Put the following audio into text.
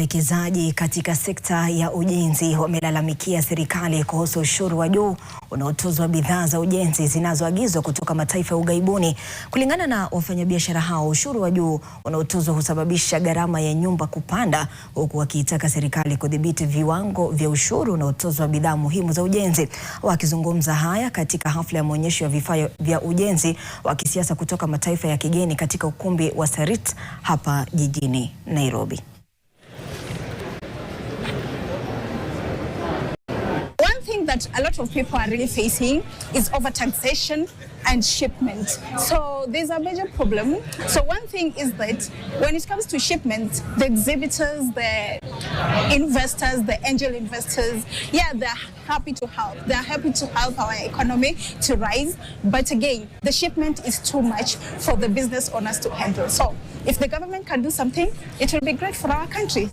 Wawekezaji katika sekta ya ujenzi wamelalamikia serikali kuhusu ushuru wa juu unaotozwa bidhaa za ujenzi zinazoagizwa kutoka mataifa ya ughaibuni. Kulingana na wafanyabiashara hao, ushuru wa juu unaotozwa husababisha gharama ya nyumba kupanda, huku wakiitaka serikali kudhibiti viwango vya ushuru unaotozwa bidhaa muhimu za ujenzi. Wakizungumza haya katika hafla ya maonyesho ya vifaa vya ujenzi wa kisiasa kutoka mataifa ya kigeni katika ukumbi wa Sarit hapa jijini Nairobi. that a lot of people are really facing is overtaxation and shipment. So there's a major problem. So one thing is that when it comes to shipment, the exhibitors, the investors, the angel investors, yeah, they're happy to help. They're happy to help our economy to rise. But again, the shipment is too much for the business owners to handle. So if the government can do something, it will be great for our country.